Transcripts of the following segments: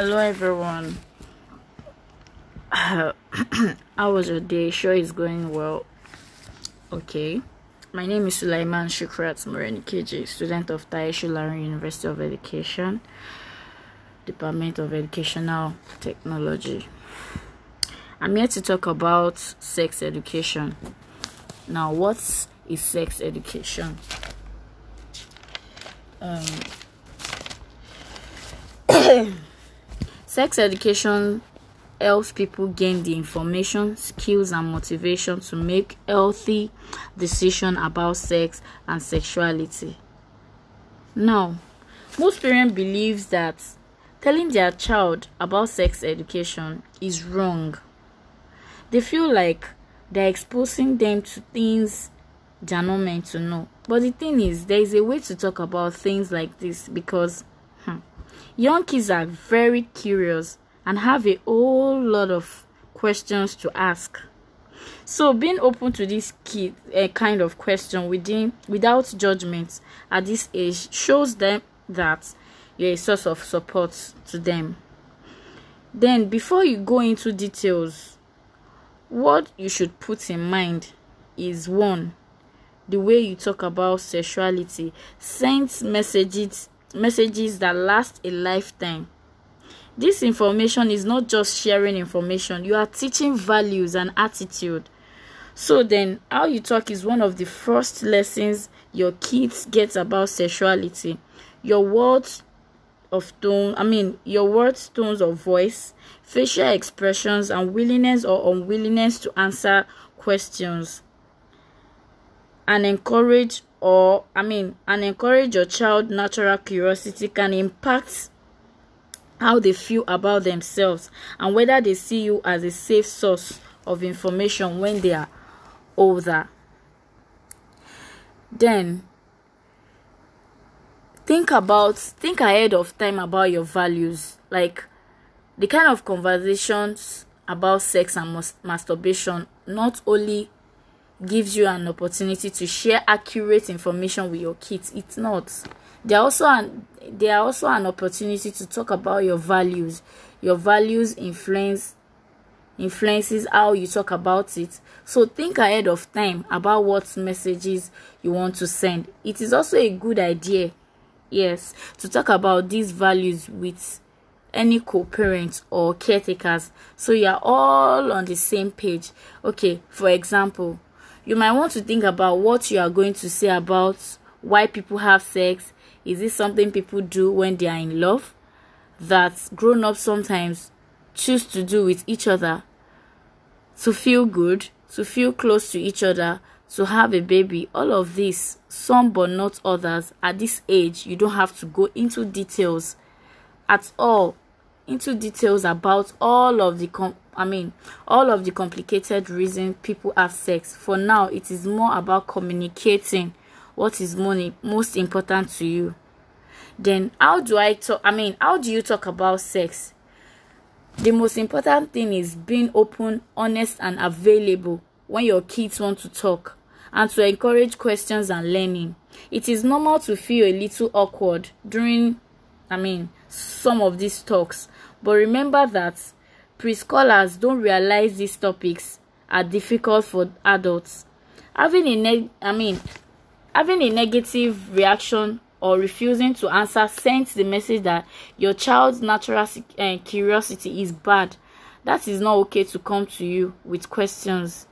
Hello everyone. how was your day? Sure is going well. Okay. My name is Sulaiman Shukrat Morenikiji, student of Taishu Laren University of Education, Department of Educational Technology. I'm here to talk about sex education. Now, what is sex education? Um, Sex education helps people gain the information, skills, and motivation to make healthy decisions about sex and sexuality. Now, most parents believe that telling their child about sex education is wrong. They feel like they're exposing them to things they're not meant to know. But the thing is, there is a way to talk about things like this because Young kids are very curious and have a whole lot of questions to ask. So being open to this kid, uh, eh, kind of question within without judgment at this age shows them that you're a source of support to them. Then before you go into details, what you should put in mind is one, the way you talk about sexuality. Send messages messages that last a lifetime. This information is not just sharing information, you are teaching values and attitude. So, then, how you talk is one of the first lessons your kids get about sexuality. Your words of tone, I mean, your words, tones of voice, facial expressions, and willingness or unwillingness to answer questions and encourage or I mean, and encourage your child natural curiosity can impact how they feel about themselves and whether they see you as a safe source of information when they are older. Then think about think ahead of time about your values like the kind of conversations about sex and mas- masturbation not only gives you an opportunity to share accurate information with your kids. It's not. They are also an they are also an opportunity to talk about your values. Your values influence influences how you talk about it. So think ahead of time about what messages you want to send. It is also a good idea, yes, to talk about these values with any co-parents or caretakers so you are all on the same page. Okay, for example, you might want to think about what you are going to say about why people have sex. Is it something people do when they are in love? That grown ups sometimes choose to do with each other to feel good, to feel close to each other, to have a baby. All of this, some but not others, at this age, you don't have to go into details at all into details about all of the com- I mean, all of the complicated reasons people have sex. For now, it is more about communicating what is money most important to you. Then, how do I talk? I mean, how do you talk about sex? The most important thing is being open, honest, and available when your kids want to talk and to encourage questions and learning. It is normal to feel a little awkward during, I mean, some of these talks but remember that preschoolers don't realize these topics are difficult for adults. Having a neg- I mean, having a negative reaction or refusing to answer sends the message that your child's natural uh, curiosity is bad. That is not okay to come to you with questions.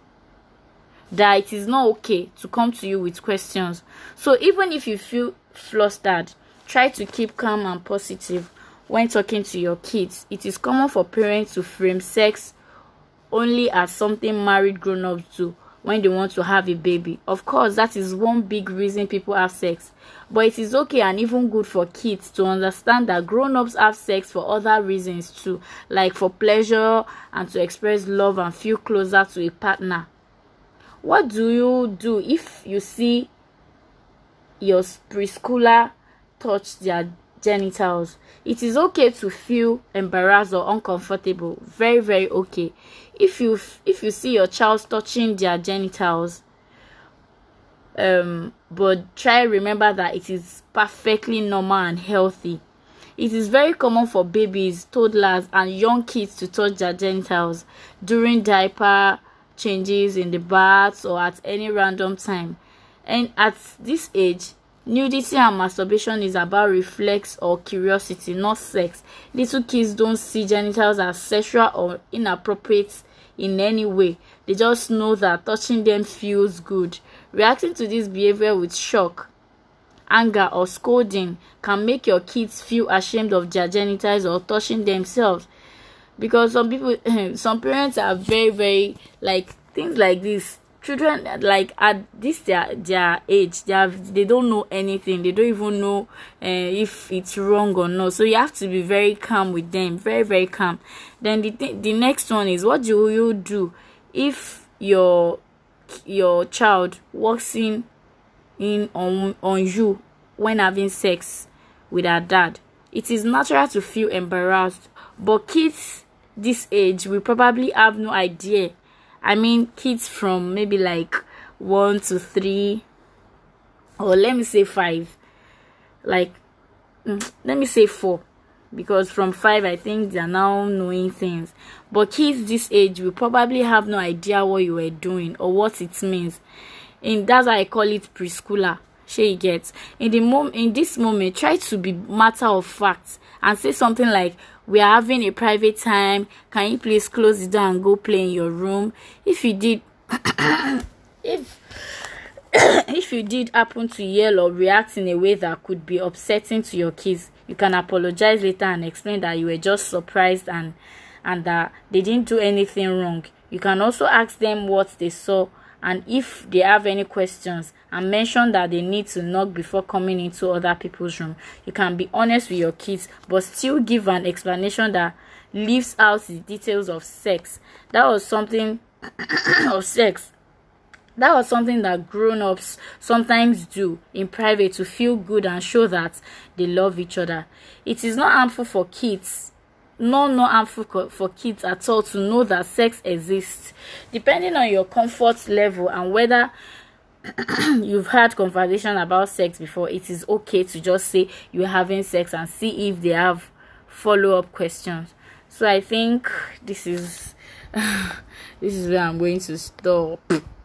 That it is not okay to come to you with questions. So even if you feel flustered, try to keep calm and positive. when talking to your kids it is common for parents to frame sex only as something married grown-ups do when they want to have a baby of course that is one big reason people have sex but it is okay and even good for kids to understand that grown-ups have sex for other reasons too like for pleasure and to express love and feel closer to a partner what do you do if you see your preschooler touch their genitals. It is okay to feel embarrassed or uncomfortable. Very, very okay. If you if you see your child touching their genitals, um, but try remember that it is perfectly normal and healthy. It is very common for babies, toddlers, and young kids to touch their genitals during diaper changes in the baths or at any random time. And at this age, Nudity and masturbation is about reflex or curiosity, not sex. Little kids don't see genitals as sexual or inappropriate in any way. They just know that touching them feels good. Reacting to this behavior with shock, anger, or scolding can make your kids feel ashamed of their genitals or touching themselves. Because some people, some parents are very, very like things like this children like at this their their age they have they don't know anything they don't even know uh, if it's wrong or not so you have to be very calm with them very very calm then the th- the next one is what do you do if your your child walks in in on on you when having sex with her dad it is natural to feel embarrassed but kids this age will probably have no idea I mean kids from maybe like one to three, or let me say five, like mm, let me say four, because from five I think they are now knowing things. But kids this age will probably have no idea what you were doing or what it means. And that's why I call it preschooler. She gets in the mom in this moment try to be matter of fact and say something like we are having a private time can you please close the door and go play in your room if you did if if you did happen to yell or react in a way that could be upsetting to your kids you can apologize later and explain that you were just surprised and and that they didn't do anything wrong you can also ask them what they saw and if they have any questions and mention that they need to knock before coming into other people's room you can be honest with your kids but still give an explanation that leaves out the details of sex that was something of sex that was something that grown-ups sometimes do in private to feel good and show that they love each other it is not harmful for kids not not harmful for kids at all to know that sex exists depending on your comfort level and whether you've had conversation about sex before it is okay to just say you're having sex and see if they have follow-up questions so i think this is this is where i'm going to stop